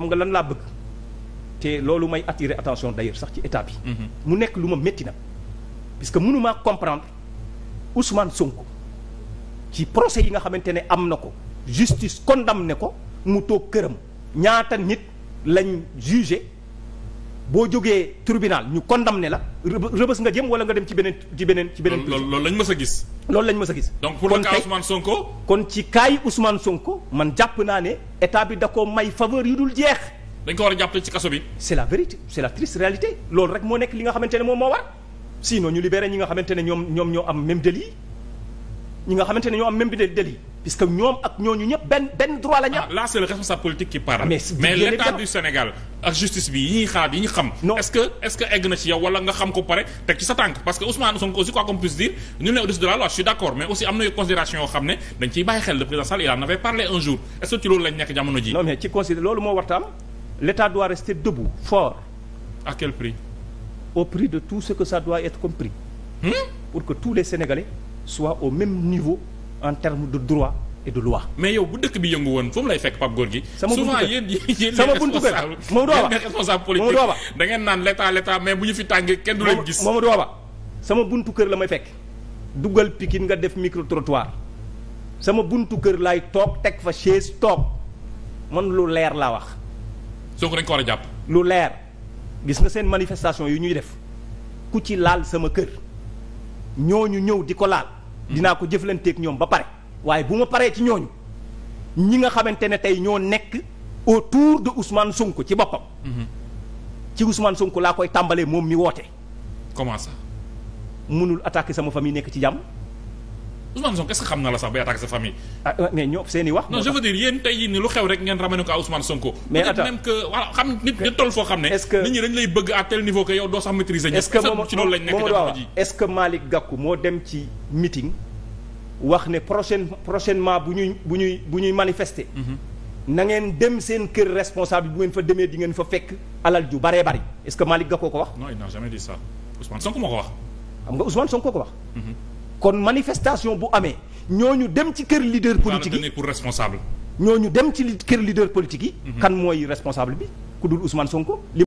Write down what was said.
xam nga lan laa bëgg te loolu may attirer attention d'ailleurs sax ci état bi. mu nekk lu ma métti nag. parce que mënumaa comprendre Ousmane Sonko ci procès yi nga xamante ne am na ko justice condamné ko mu toog këram ñaata nit lañ jugé. boo jógee tribunal ñu condamné la rëbës nga jëm wala nga dem ci beneen ci beneen ci beneen loolu lañ ma a gis loolu lañ mës a gis donc pour le cas Ousmane Sonko kon ci cas yi Ousmane Sonko man jàpp naa ne état bi da ko may faveur yu dul jeex dañ ko war a jàppale ci kaso bi c'est la vérité c'est la triste réalité loolu rek moo nekk li nga xamante ne moom moo war sinon ñu libéré ñi nga xamante ne ñoom ñoom ñoo am même délit ñi nga xamante ne ñoo am même délit puisque ñoom ak ñooñu ñëpp benn benn droit la ñu am. Ah, là responsable politique qui parle. mais l'état du Sénégal ak justice bi yi ñuy xaar yi ñu xam. non est-ce que est-ce que egg na ci yow wala nga xam ko pare teg ci sa tànk parce que Ousmane Sonko aussi quoi qu'on puisse dire ñu ne au-dessus de la suis d'accord mais aussi am na yu considération yoo xam ne dañ ciy bàyyi xel le président Sall il en avait parlé un jour est-ce que ci loolu lañ nekk en terme de droit et de loi. mais yow bu dëkk bi yëngu woon fu mu lay fekk Pape Gorgui. sama buntu kër souvent yéen yéen sama buntu kër Mamadou Awa responsable politique da ngeen naan l'état l'état mais bu ñu fi tàngee kenn du leen gis. Mamadou Awa sama buntu kër la may fekk dugal Pikine nga def micro trottoir sama buntu kër laay toog teg fa chaise toog mën lu leer laa wax. soo ko dañ ko war a jàpp. lu leer gis nga seen manifestation yu ñuy def ku ci laal sama kër ñu ñëw di ko laal. dinaa ko jëflanteeg ñoom ba pare waaye bu ma paree ci ñooñu ñi nga xamante ne tey ñoo nekk autour de Ousmane sunk ci boppam mhm. ci Ousmane sunk laa koy tàmbalee moom mi woote comment ça mënul attaquer sama famille nekk ci jàmm Ousmane Sonko est-ce que xam na la sax bay attaqué sa famille. ah mais ñoom seen wax. non je veux dire yéen tey jii nii lu xew rek ngeen ramené ko à Ousmane Sonko. ne. est-ce que nit wax ne prochaine prochainement bu ñuy bu ñuy bu ñuy mhm. na ngeen dem seen kër responsable bu ngeen fa demee di ngeen fa fekk alal ju baree bari est-ce que ko wax. non il n'a jamais dit ça Ousmane Sonko moo ko wax. xam nga Ousmane Sonko ko wax. Mhm. kon manifestation bu amee ñoo ñu dem ci kër leader politique yi pour responsable ñooñu dem ci kër leader politique yi mhm. kan mooy responsable bi ku dul Ousmane Sonko